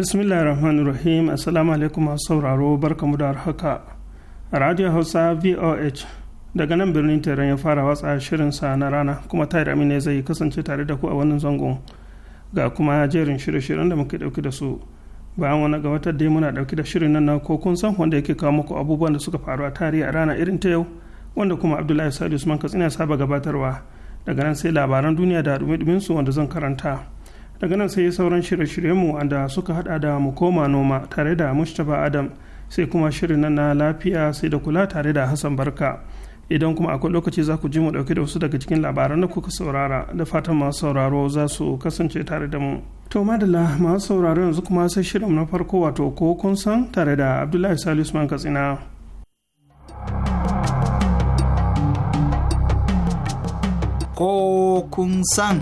bismillahir rahmanir rahim assalamu alaikum masu sauraro barkamu da haka radio hausa voh daga nan birnin taron ya fara watsa shirinsa na rana kuma tayar amina zai kasance tare da ku a wannan zangon ga kuma jerin shirye-shiryen da muke dauki da su bayan wani ga gabatar dai muna dauki da shirin nan na ko kun san wanda yake kawo muku abubuwan da suka faru a tarihi a rana irin ta yau wanda kuma abdullahi salisu usman katsina saba gabatarwa daga nan sai labaran duniya da dumi su wanda zan karanta daga nan sai sauran shirye-shiryenmu da suka hada da mu koma noma tare da mustapha adam sai kuma shirin na lafiya sai da kula tare da hassan barka idan kuma akwai lokaci za ku ji mu dauke da wasu daga cikin labaran da kuka saurara da fatan masu sauraro za su kasance tare da mu to madalla masu sauraro yanzu kuma sai shirin na farko wato ko kun san tare da abdullahi salisu man katsina ko kun san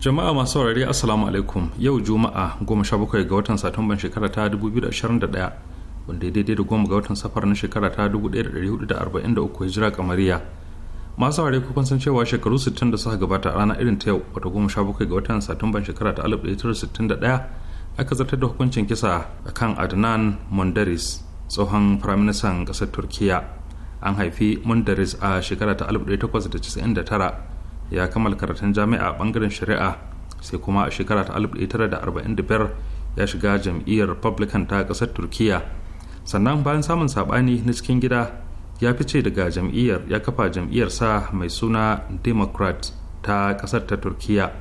jama'a masu saurari assalamu alaikum yau juma'a 17 ga watan satumban shekara ta 2021 wanda ya daidai da goma ga watan safar na shekara ta 1443 hijira kamariya masu saurari kufan san cewa shekaru 60 da suka gabata a ranar irin ta yau wata 17 ga watan satumban shekara ta 1961 aka zartar da hukuncin kisa a kan adnan mondaris tsohon firaministan ƙasar turkiya an haifi mondaris a shekara ta 1899 ya kammala karatun jami'a a bangaren shari'a sai kuma a shekara ta 1945 ya shiga jam'iyyar republican ta kasar turkiya sannan bayan samun sabani na cikin gida ya fice daga jam'iyyar ya kafa sa mai suna democrat ta kasar ta turkiya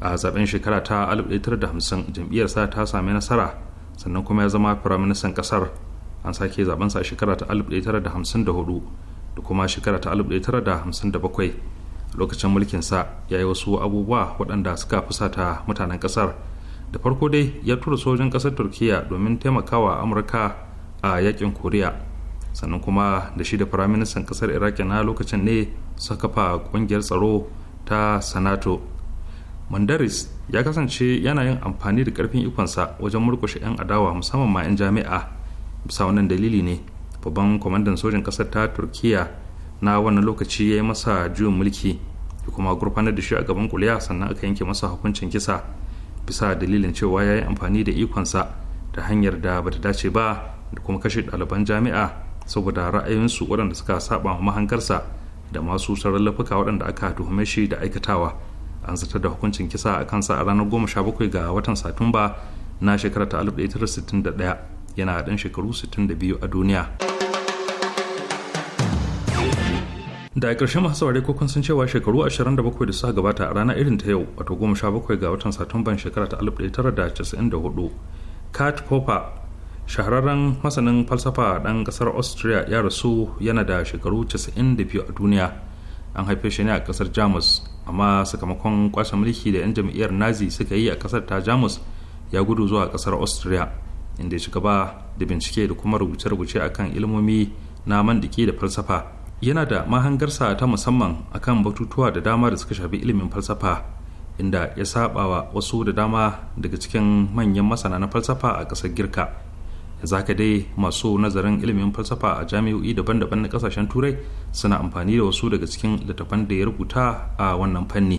a zaben shekara ta 1950 jam'iyyarsa ta sami nasara sannan kuma ya zama firaministan kasar an sake zabensa a shekara ta 1954 da kuma shekara ta 1957 lokacin mulkinsa ya yi wasu abubuwa waɗanda suka fusata mutanen ƙasar da farko dai ya tura sojin ƙasar turkiya domin taimakawa amurka a yakin koriya sannan kuma da shi da firaministan ƙasar iraki na lokacin ne suka kafa ƙungiyar tsaro ta sanato mandaris ya kasance yana yin amfani da ƙarfin ikonsa wajen murkushe 'yan adawa musamman ma 'yan jami'a bisa wannan dalili ne babban kwamandan sojin ƙasar ta turkiya na wannan lokaci ya yi masa juyin mulki da kuma gurfanar da shi a gaban kuliya sannan aka yanke masa hukuncin kisa bisa dalilin cewa ya yi amfani da ikonsa da hanyar da bata dace ba da kuma kashe ɗaliban jami'a saboda ra'ayinsu waɗanda suka saba wa mahangarsa da masu sauran lafuka waɗanda aka tuhume shi da aikatawa an zata da hukuncin kisa a kansa a ranar goma sha bakwai ga watan satumba na shekarar ta 1961 yana ɗan shekaru 62 a duniya. da ƙarshen masu saurare ko kun san cewa shekaru 27 da suka gabata a rana irin ta yau wato 17 ga watan satumban shekara ta 1994 kat popper shahararren masanin falsafa ɗan ƙasar austria ya rasu yana da shekaru 92 a duniya an haife shi ne a ƙasar jamus amma sakamakon kwashe mulki da 'yan jam'iyyar nazi suka yi a ƙasar ta jamus ya gudu zuwa ƙasar austria inda ya ci gaba da bincike da kuma rubuce-rubuce akan ilmomi na mandiki da falsafa yana da mahangarsa ta musamman a kan batutuwa da dama da suka shafi ilimin falsafa inda ya saba wa wasu da dama daga cikin manyan masana na falsafa a ƙasar girka zaka dai masu nazarin ilimin falsafa a jami'o'i daban-daban na ƙasashen turai suna amfani da wasu daga cikin littattafan da ya rubuta a wannan fanni.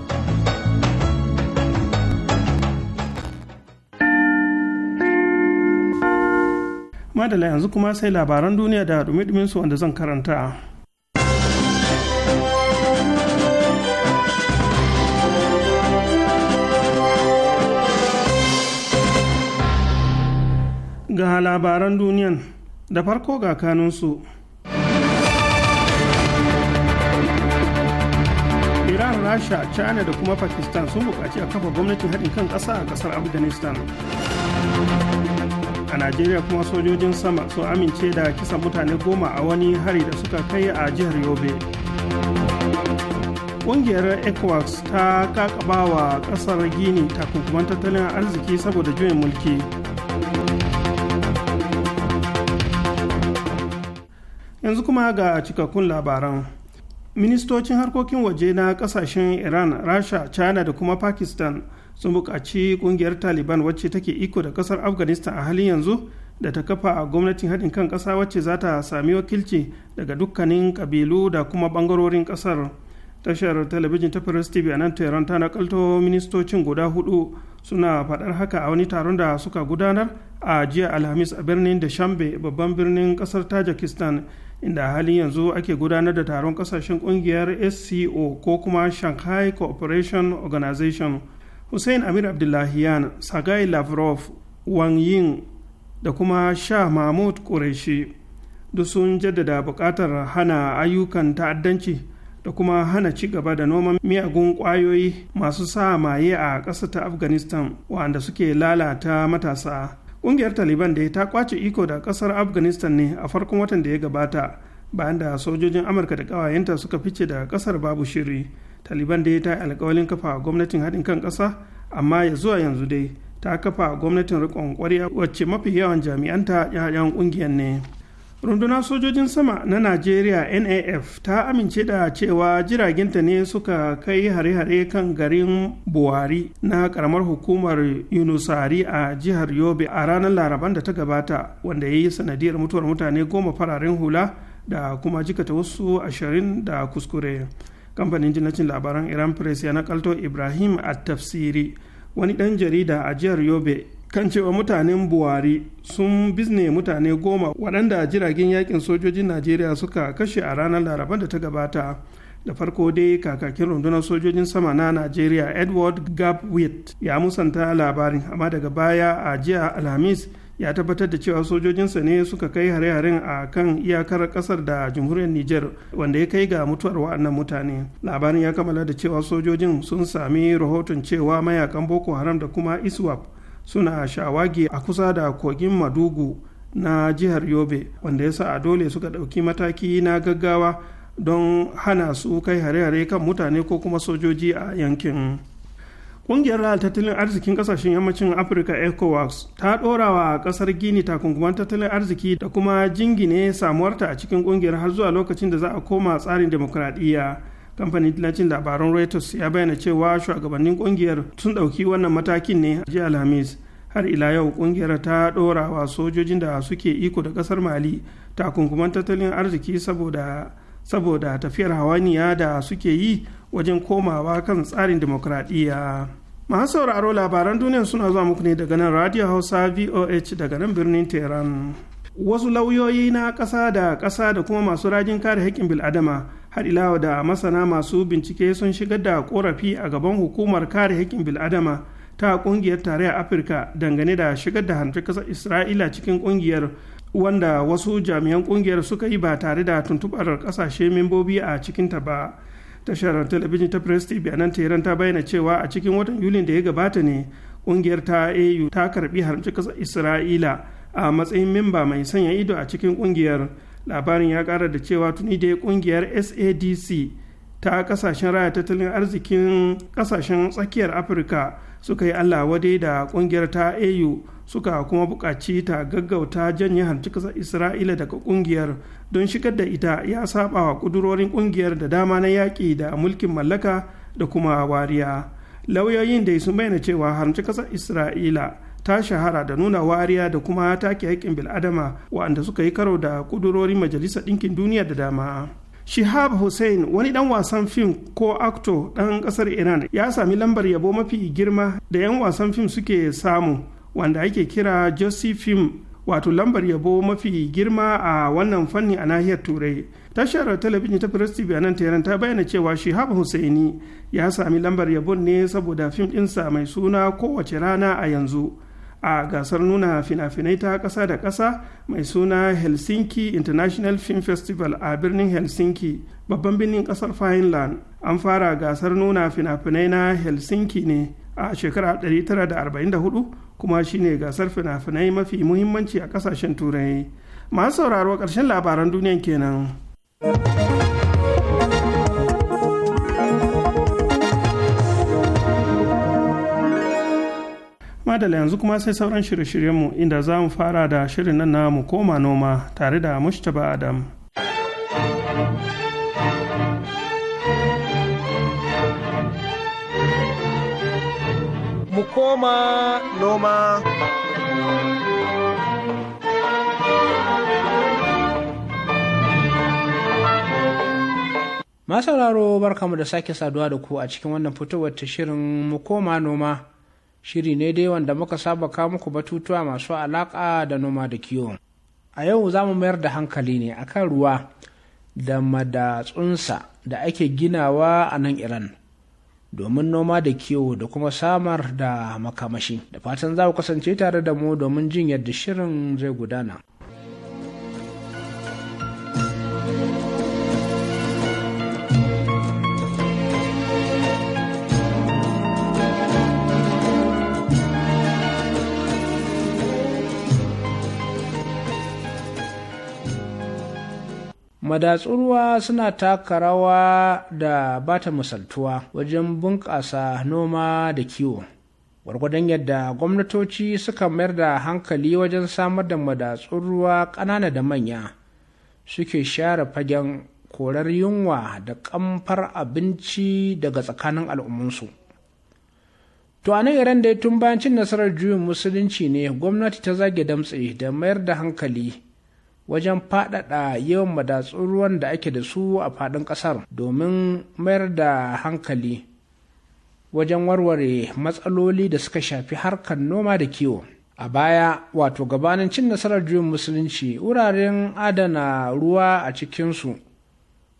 Madala yanzu kuma sai labaran duniya da dumi su wanda zan karanta. Ga labaran duniyan da farko ga kanunsu. Iran, Rasha, China da kuma Pakistan sun buƙaci a kafa gwamnatin haɗin kan ƙasa a ƙasar Afghanistan. a najeriya kuma sojojin sama su amince da kisan mutane goma a wani hari da suka kai a jihar yobe ƙungiyar ecowas ta kakaba wa ƙasar gini takunkuman tattalin arziki saboda juyin mulki yanzu kuma ga cikakkun labaran ministocin harkokin waje na ƙasashen iran rasha china da kuma pakistan sun buƙaci ƙungiyar taliban wacce take iko da ƙasar afghanistan a halin yanzu da ta kafa a gwamnatin haɗin kan ƙasa wacce za ta sami wakilci daga dukkanin ƙabilu da kuma ɓangarorin ƙasar tashar talabijin ta paris tv a nan tehran ta nakalto ministocin guda hudu suna faɗar haka a wani taron da suka gudanar a jiya alhamis a birnin da shambe babban birnin ƙasar tajikistan inda halin yanzu ake gudanar da taron ƙasashen ƙungiyar sco ko kuma shanghai cooperation organization hussein amir abdullahiyan sagai lavrov wang yin da kuma sha mahmud qureshi duk sun jaddada buƙatar hana ayyukan ta'addanci da kuma hana ci gaba da noman miyagun ƙwayoyi masu sa maye a ƙasa ta afghanistan wanda suke lalata matasa ƙungiyar taliban da ta kwace iko da ƙasar afghanistan ne a farkon watan da ya gabata bayan da sojojin amurka da ƙawayenta suka fice da ƙasar babu shiri taliban dai ta yi alkawalin kafa gwamnatin haɗin kan ƙasa amma ya zuwa yanzu dai ta kafa gwamnatin riƙon ƙwarya wacce mafi yawan jami'anta yayan ƙungiyar ne rundunar sojojin sama na najeriya naf ta amince da cewa jiraginta ne suka kai hare-hare kan garin buwari na karamar hukumar yunusari a jihar yobe a ranar laraban da ta gabata wanda ya yi sanadiyar mutuwar mutane goma fararen hula da kuma jikata wasu ashirin da kuskure kamfanin jinnacin labaran iran press ya nakalto ibrahim a tafsiri wani dan jarida a jihar yobe kan cewa mutanen buwari sun bizne mutane goma waɗanda jiragen yakin sojojin najeriya suka kashe a ranar laraba da ta gabata da farko dai kakakin rundunar sojojin sama na najeriya edward gabwit ya musanta labarin amma daga baya a jiya alhamis ya tabbatar da cewa sojojinsa ne suka kai hare-haren a kan iyakar kasar da jamhuriyar niger wanda ya kai ga mutuwar wa'annan mutane labarin ya kammala da cewa sojojin sun sami rahoton cewa mayakan boko haram da kuma iswap suna shawagi a kusa da kogin madugu na jihar yobe wanda ya sa a dole suka ɗauki mataki na gaggawa don hana su kai hare-hare kan mutane ko kuma sojoji a yankin Ƙungiyar tattalin arzikin ƙasashen yammacin Afirka ECOWAS ta ɗora wa ƙasar Gini takunkuman tattalin arziki da kuma jingine samuwarta a cikin ƙungiyar har zuwa lokacin da za a koma tsarin demokuraɗiyya. Kamfanin dillacin labaran Reuters ya bayyana cewa shugabannin ƙungiyar sun ɗauki wannan matakin ne a jiya Alhamis. Har ila yau ƙungiyar ta ɗora wa sojojin da suke iko da ƙasar Mali takunkuman tattalin arziki saboda saboda tafiyar hawaniya da suke yi wajen komawa kan tsarin demokuraɗiyya. masu sauraro labaran duniya suna zuwa muku ne daga nan radio hausa voh daga nan birnin tehran wasu lauyoyi na ƙasa da ƙasa da kuma masu rajin kare haƙƙin bil'adama har ilawa da masana masu bincike sun shigar da korafi a gaban hukumar kare haƙƙin bil'adama ta ƙungiyar tarayyar afirka dangane da shigar da hantar ƙasar isra'ila cikin ƙungiyar wanda wasu jami'an ƙungiyar suka yi ba tare da tuntuɓar ƙasashe membobi a cikinta ba tashar talabijin ta press tv a nan ta bayyana cewa a cikin watan yulin da ya gabata ne kungiyar ta au ta karbi haramci kasar isra'ila a matsayin memba mai sanya ido a cikin kungiyar labarin ya kara da cewa tuni da kungiyar sadc ta kasashen raya tattalin arzikin kasashen tsakiyar afirka suka yi allah wadai da kungiyar ta au suka kuma buƙaci ta gaggauta janye harci ƙasar isra'ila daga ƙungiyar don shigar da ita ya saba wa ƙudurorin ƙungiyar da dama na yaƙi da mulkin mallaka da kuma wariya lauyoyin da sun bayyana cewa harci ƙasar isra'ila ta shahara da nuna wariya da kuma take haƙƙin bil'adama wa'anda suka yi karo da ƙudurorin majalisar ɗinkin duniya da dama Shihab Hussein wani dan wasan fim ko acto dan kasar Iran ya sami lambar yabo mafi girma da 'yan wasan fim suke samu wanda ake kira josephine wato lambar yabo mafi girma a wannan fanni a nahiyar turai tashar talabijin ta press tv nan ta bayyana cewa shihab husaini ya sami lambar yabon ne saboda fim ɗinsa mai suna kowace rana a yanzu a gasar nuna fina-finai ta ƙasa da ƙasa mai suna helsinki international film festival a birnin helsinki babban birnin ƙasar finland an fara gasar nuna fina-finai na helsinki ne a shekara 1944 kuma shine gasar fina-finai mafi muhimmanci a kasashen turai masu sauraro ƙarshen labaran duniyan kenan. madala yanzu kuma sai sauran shirye-shiryenmu inda za mu fara da shirin nan na mu koma noma tare da mushtaba adam mu koma noma. masauraro barkamu da sake saduwa da ku a cikin wannan fitowar ta shirin mu koma noma shiri ne dai wanda muka saba ka muku batutuwa masu alaƙa da noma da kiwo a yau za mu mayar da hankali ne akan ruwa da madatsunsa da ake ginawa a nan iran domin noma da kiwo da kuma samar da makamashi da fatan za ku kasance tare da mu domin jin yadda shirin zai gudana madatsuruwa suna taka rawa da bata misaltuwa wajen bunƙasa noma da kiwo gwargwadon yadda gwamnatoci suka mayar da hankali wajen samar da madatsun ruwa ƙanana da manya suke share fagen korar yunwa da ƙamfar abinci daga tsakanin al'ummansu to a nan da dai tun bayan cin nasarar juyin musulunci ne gwamnati ta zage damtse da mayar da hankali wajen faɗaɗa yawan madatsun ruwan da ake da su a faɗin ƙasar domin mayar da hankali wajen warware matsaloli da suka shafi harkar noma da kiwo a baya wato gabanin cin nasarar juyin musulunci wuraren adana ruwa a cikinsu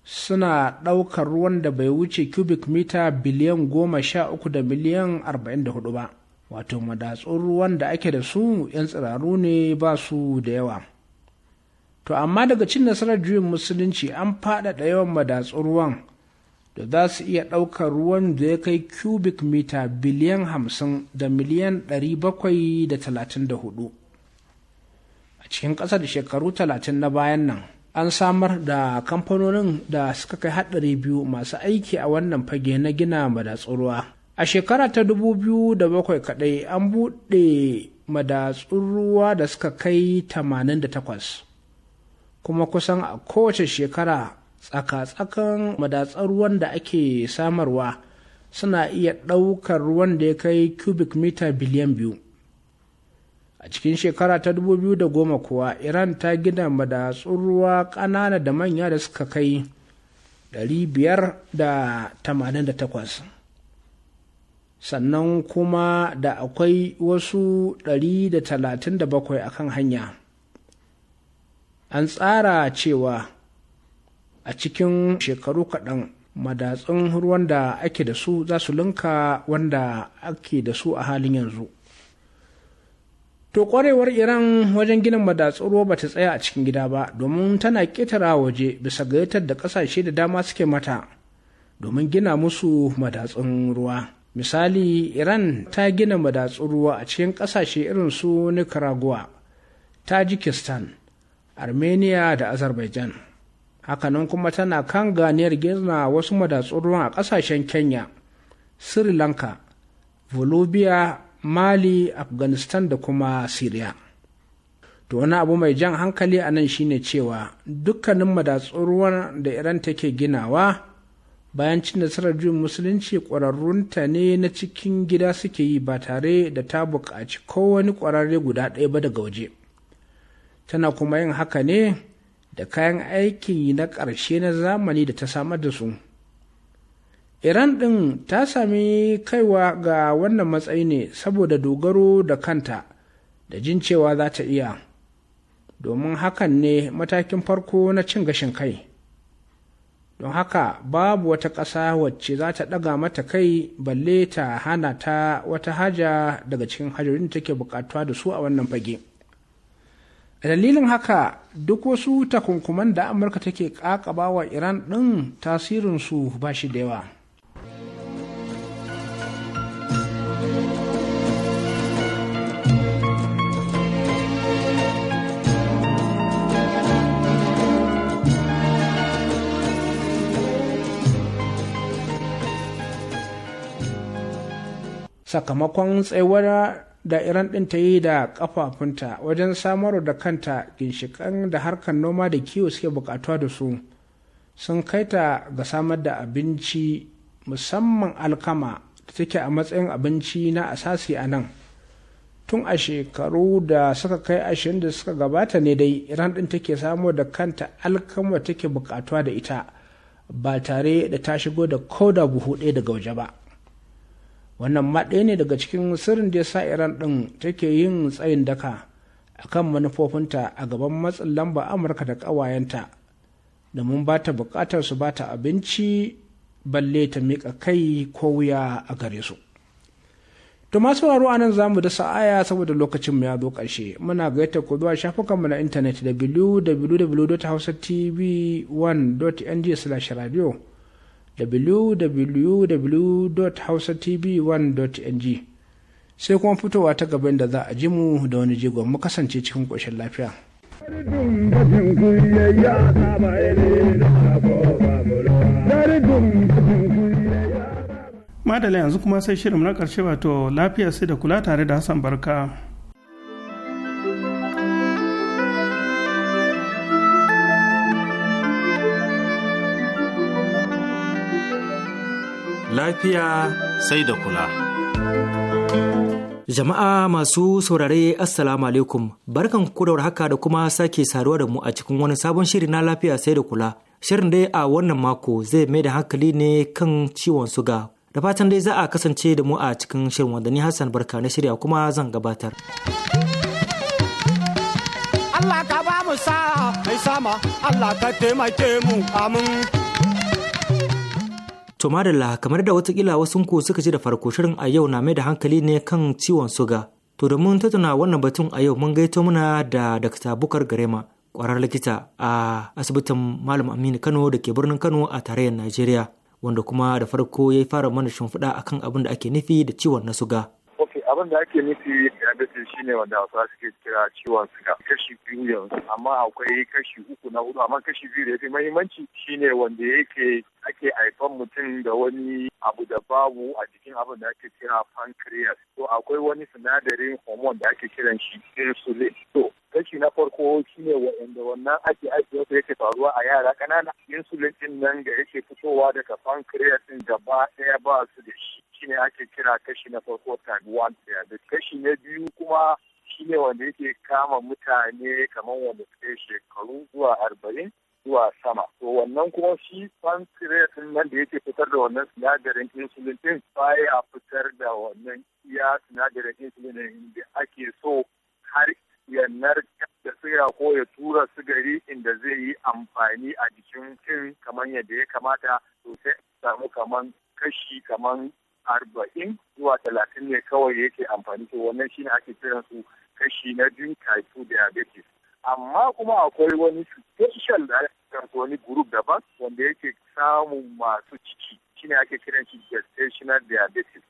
suna ɗaukar ruwan da bai wuce cubic mita biliyan goma sha uku da miliyan arba'in da hudu ba wato madatsun ruwan da ake da su 'yan tsiraru ne ba su da yawa to amma daga cin nasarar juyin musulunci an faɗaɗa yawan madatsun ruwan da za su iya ɗaukar ruwan da ya kai cubic mita biliyan hamsin da miliyan ɗari bakwai da talatin da hudu a cikin ƙasa da shekaru talatin na bayan nan an samar da kamfanonin da suka kai haɗari biyu masu aiki a wannan fage na gina madatsun ruwa a shekara ta dubu biyu da bakwai kaɗai an buɗe madatsun ruwa da suka kai tamanin da takwas kuma kusan a kowace shekara tsaka-tsakan madatsar ruwan da ake samarwa suna iya ɗaukar ruwan da ya kai cubic mita biliyan biyu a cikin shekara ta dubu biyu da 2010 kuwa iran ta gina madatsun ruwa ƙanana da manya da suka kai 588 sannan kuma da akwai wasu 137 a kan hanya an tsara cewa a cikin shekaru kaɗan madatsun ruwan da ake da su za su linka wanda ake da su a halin yanzu to kwarewar iran wajen gina madatsun ruwa ba ta tsaya a cikin gida ba domin tana ƙetara waje bisa ga da ƙasashe da dama suke mata domin gina musu madatsun ruwa misali iran ta gina madatsun ruwa a cikin ƙasashe irin su nicaragua tajikistan armenia da azerbaijan hakanan kuma tana kan ganiyar gina wasu madatsun ruwan a kasashen kenya sri lanka volubia mali afghanistan da kuma syria to wani abu mai jan hankali a nan shine cewa dukkanin madatsun ruwan da iran take ginawa bayan cin nasarar juyin musulunci ƙwararrunta ne na cikin gida suke yi ba tare da ta buƙaci kowane ƙwararre guda ɗaya ba daga waje tana kuma yin haka ne da kayan aikin na ƙarshe na zamani da ta samar da su iran ɗin ta sami kaiwa ga wannan matsayi ne saboda dogaro da kanta da jin cewa za ta iya domin hakan ne matakin farko na cin gashin kai don haka babu wata ƙasa wacce za ta ɗaga mata kai balle ta hana ta wata haja daga cikin hajjorin da take buƙatuwa da su a wannan fage. a dalilin haka duk wasu takunkuman da amurka take kakaba wa iran ɗin tasirinsu ba shi da yawa sakamakon tsayawar da iran ɗin ta yi da ƙafafunta wajen samar da kanta ginshikan da harkar noma da kiwo suke bukatuwa da su sun kai ta ga samar da abinci musamman alkama da take a matsayin abinci na asasi a nan tun a shekaru da suka kai ashirin da suka gabata ne dai iran ɗin take samo da kanta alkama take bukatuwa da ita ba tare da ta shigo da koda buhu ɗaya daga waje ba wannan ma ɗaya ne daga cikin sirrin da ya sa iran ɗin take yin tsayin daka a kan manufofinta a gaban matsin lamba amurka da ƙawayenta domin ba ta buƙatar su ba ta abinci balle ta miƙa kai ko wuya a gare su to masu sauraro a nan zamu da sa'aya saboda lokacin mu ya zo ƙarshe muna gaita ku zuwa shafukanmu na intanet www.hausatv1.ng/radio www.hausatv1.ng sai kuma fitowa ta gaban da za a ji mu da wani jigon mu kasance cikin ƙoshin lafiya. Madala yanzu kuma sai shirin na ƙarshe wato lafiya sai da kula tare da Hassan Barka. Lafiya sai da kula. Jama'a masu saurare Assalamu alaikum barkan ku da haka da kuma sake saruwa da mu a cikin wani sabon shiri na lafiya sai da kula. Shirin dai a wannan mako zai mai da hankali ne kan ciwon suga. Da fatan dai za a kasance da mu a cikin shirin wanda ni Hassan Barka na shirya kuma zan gabatar. Allah ka ba mu sa mai sama Allah ka taimake mu amin. To madalla kamar da watakila ku suka ji da farko shirin a yau na mai da hankali ne kan ciwon suga. To domin tattauna wannan batun a yau mun gaito muna da Dr. Bukar Garema kwarar likita a asibitin Malam Aminu Kano da ke birnin Kano a tarayyar Najeriya. Wanda kuma da farko ya fara mana shimfiɗa akan abin da ake nufi da ciwon na suga. abin da ake nufi shi shine wanda hausa suke kira ciwon suga kashi biyu yanzu amma akwai kashi uku na hudu amma kashi biyu da ya fi mahimmanci shine wanda yake ake haifan mutum da wani abu da babu a jikin abin da ake kira pancreas to akwai wani sinadarin hormone da ake kiran shi insulin to kashi na farko shine wanda wannan ake aiki wasu yake faruwa a yara ƙanana insulin din nan da yake fitowa daga pancreas din gaba ɗaya ba su da shi shine ake kira kashi na farko type kashi na biyu kuma shine wanda yake kama mutane kamar wanda suke shekaru zuwa arba'in zuwa sama wannan kuma shi pancreas nan da yake fitar da wannan sinadarin insulin din baya fitar da wannan iya sinadarin insulin da ake so har ya da tsira ko ya tura sigari inda zai yi amfani a jikin kin kamar yadda ya kamata sosai samu kamar kashi kamar arba'in zuwa talatin ne kawai yake amfani to wannan shi ne ake kiran su kashi na biyu type 2 diabetes amma kuma akwai wani special da kansu wani group daban wanda yake samun masu ciki shine ake kiran shi gestational diabetes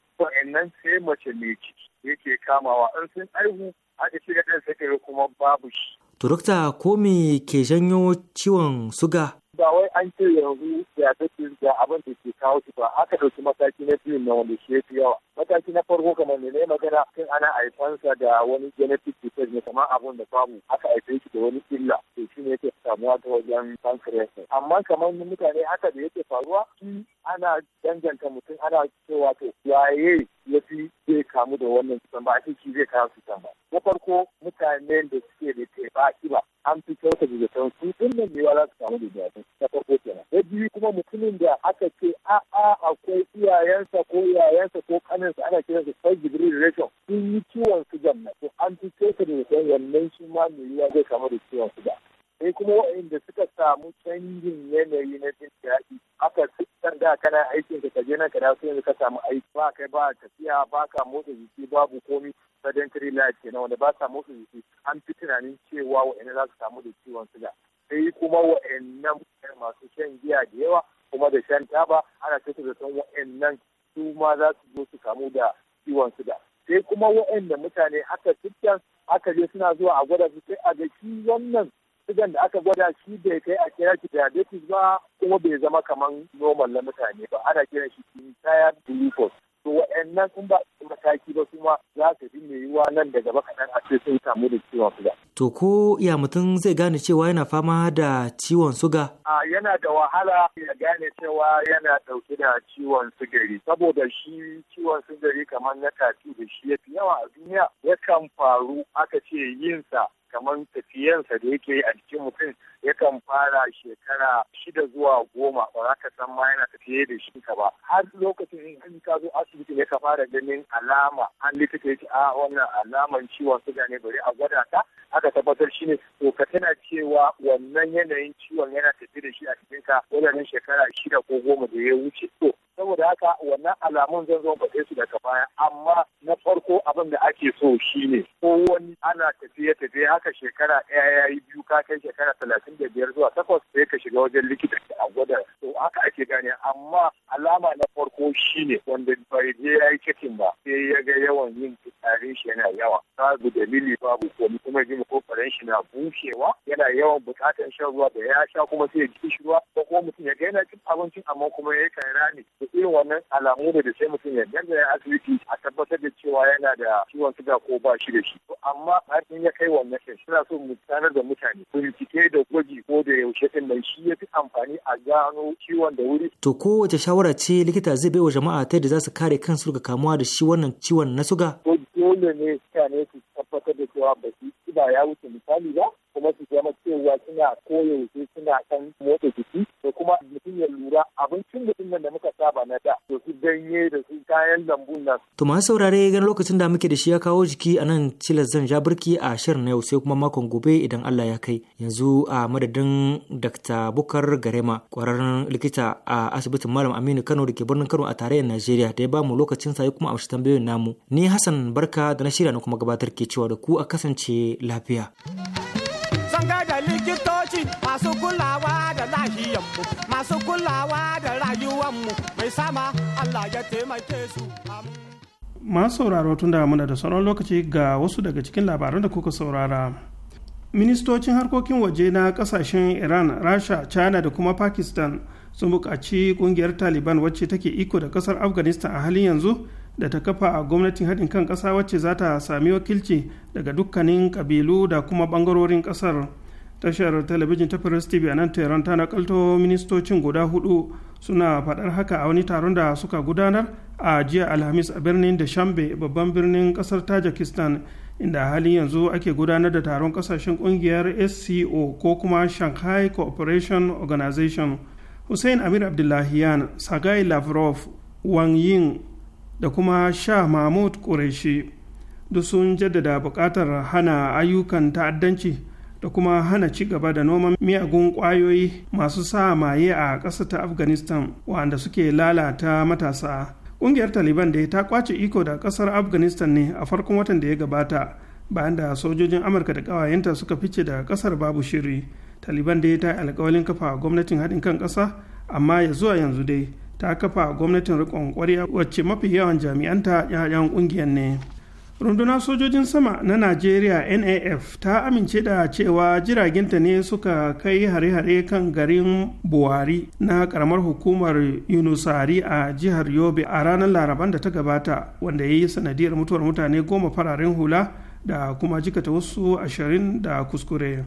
nan sai mace mai ciki yake kamawa an sun aihu a shi shiga ɗan sakare kuma babu shi. To dokta ko me ke janyo ciwon suga? Ba wai an ce yanzu diabetes da abin da ke kawo shi ba aka ɗauki mataki na biyu na wanda shi yafi yawa. mataki na farko kamar ne ne magana kan ana haifansa da wani genetic defect ne kamar abun da babu aka haife shi da wani illa to shi ne yake samuwa ta wajen pancreas amma kamar mutane haka da yake faruwa ana danganta mutum ana cewa to waye ya fi zai kamu da wannan cutan ba a ce shi zai kawo cutan ba na farko mutanen da suke da ke teba ba. an fi kyauta da zaton su din nan ne za su kamu da zaton na farko kenan na biyu kuma mutumin da aka ce a a akwai iyayensa ko iyayensa ko kaninsa ana kiran su sai da rashon sun yi ciwon sugan na to an fi kyauta da zaton wannan shi ma mewa zai kamu da ciwon suga sai kuma waɗanda suka samu canjin yanayi na jin daɗi aka san da kana aikin ka je nan ka dawo yanzu ka samu aiki ba kai ba tafiya ba ka motsa jiki babu komi sedentary life kenan wanda ba sa motsa jiki an fi tunanin cewa waɗanda za su samu da ciwon suga sai kuma waɗannan masu shan giya da yawa kuma da shan taba ana tafi da san waɗannan su ma za su zo su kamu da ciwon suga sai kuma waɗanda mutane aka dukkan akaje je suna zuwa a gwada su sai a ga shi wannan sigan da aka gwada shi bai kai a kira shi diabetes ba kuma bai zama kamar normal na mutane ba ana kiran shi tired glucose to wa'annan sun ba mataki ba kuma za ka ji mai yiwuwa nan da gaba kaɗan a ce sun samu da ciwon suga. To ko ya mutum zai gane cewa yana fama da ciwon suga? A yana da wahala ya gane cewa yana ɗauke da ciwon sugari saboda shi ciwon sugari kamar na tafi da shi yafi yawa a duniya yakan faru aka ce yinsa kamar tafiyansa da yake a jikin mutum yakan fara shekara shida zuwa goma ba za ka san ma yana tafiye da shi ka ba har lokacin in ka zo asibiti ne ka fara ganin alama an likita ya ce a ah, wannan alaman ciwon suga ne bari a gwada ta aka tabbatar shi ne to ka tana cewa wannan yanayin ciwon yana tafi da shi a cikin ka wajen shekara shida ko goma da ya wuce to saboda haka wannan alamun zan zo faɗe su daga baya amma na farko abin da ake so shine ko wani ana tafiye tafiye haka shekara ɗaya ya yi biyu ka kai shekara talatin talatin da biyar zuwa takwas sai ka shiga wajen likita a gwada to haka ake gane amma alama na farko shine wanda bai je ya yi cikin ba sai ya ga yawan yin fitsarin shi yana yawa babu dalili babu komi kuma ko faran shi na bushewa yana yawan bukatar shan ruwa da ya sha kuma sai ya ji shi ruwa ko kuma mutum ya ga yana cin abinci amma kuma ya kai rani da irin wannan alamu ne da sai mutum ya ganda ya asibiti a tabbatar da cewa yana da ciwon suga ko ba shi da shi amma har in ya kai wannan suna so mu sanar da mutane bincike da gwaji ko da yaushe din nan shi ya fi amfani a gano ciwon da wuri. To kowace shawara ce likita zai baiwa jama'a ta yadda za su kare kansu daga kamuwa da shi wannan ciwon na suga? To dole ne mutane su tabbatar da cewa ba su ya wuce misali ba kuma su zama cewa suna koyaushe suna kan motsa jiki da kuma mutum ya lura abincin mutum nan da muka saba na da to su ganye da su kayan lambun nan. To masu saurare ganin lokacin da muke da shi ya kawo jiki a nan cilas zan ja birki a shirin na yau sai kuma makon gobe idan Allah ya kai yanzu a madadin Dr. Bukar Garema kwararren likita a asibitin Malam Aminu Kano da ke birnin Kano a tarayyar Najeriya da ya ba mu lokacin sa ya kuma amshi tambayoyin namu. Ni Hassan Barka da na shirya na kuma gabatar ke cewa da ku a kasance lafiya. mu masu kulawa da rayuwar mu mai sama Allah ya taimake su masu sauraro tun da muna da sauran lokaci ga wasu daga cikin labaran da kuka saurara ministocin harkokin waje na kasashen iran rasha china da kuma pakistan sun buƙaci ƙungiyar taliban wacce take iko da ƙasar afghanistan a halin yanzu da ta kafa a gwamnatin haɗin kan ƙasa wacce za ta sami wakilci daga dukkanin ƙabilu da kuma ɓangarorin ƙasar tashar talabijin ta press tv a nan tehran ta nakalto ministocin guda hudu suna faɗar haka a wani taron da suka gudanar a jiya alhamis a birnin da shambe babban birnin ƙasar tajikistan inda halin yanzu ake gudanar da taron ƙasashen ƙungiyar sco ko kuma shanghai cooperation organization hussein amir abdullahian sagai lavrov wang yin da kuma sha mahmud qureshi duk sun jaddada bukatar hana ayyukan ta'addanci da kuma hana ci gaba da noman miyagun ƙwayoyi masu sa maye a ƙasa ta afghanistan wanda suke lalata matasa ƙungiyar taliban da ta kwace iko da ƙasar afghanistan ne a farkon watan da ya gabata bayan da sojojin amurka da ƙawayenta suka fice daga ƙasar babu shiri taliban da ta yi alkawalin kafa gwamnatin haɗin kan ƙasa amma ya zuwa yanzu dai ta kafa gwamnatin riƙon ƙwarya wacce mafi yawan jami'anta 'ya'yan ƙungiyar ne rundunar sojojin sama na najeriya naf ta amince da cewa jiraginta ne suka kai hare-hare kan garin buwari na karamar hukumar yunusari a jihar yobe a ranar laraban da ta gabata wanda ya yi sanadiyar mutuwar mutane goma fararen hula da kuma jikata wasu ashirin da kuskure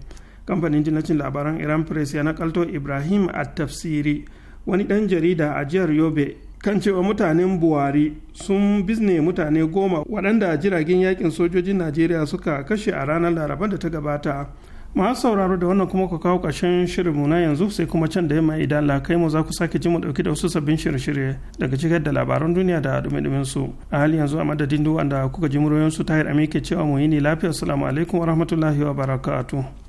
kamfanin jinacin labaran iran press ya nakalto ibrahim a tafsiri wani dan jarida a jihar yobe kan cewa mutanen buhari sun bizne mutane goma waɗanda jiragen yakin sojojin najeriya suka kashe a ranar laraba da ta gabata masu sauraro da wannan kuma ku kawo ƙarshen shirin na yanzu sai kuma can da yamma idan lakai mu za ku sake ji mu ɗauki da wasu sabbin shirye-shirye daga cikin da labaran duniya da dumi su a hali yanzu a madadin duwanda wanda kuka ji muryoyin su tahir amike cewa mu yi ne lafiya assalamu alaikum wa rahmatullahi wa barakatuh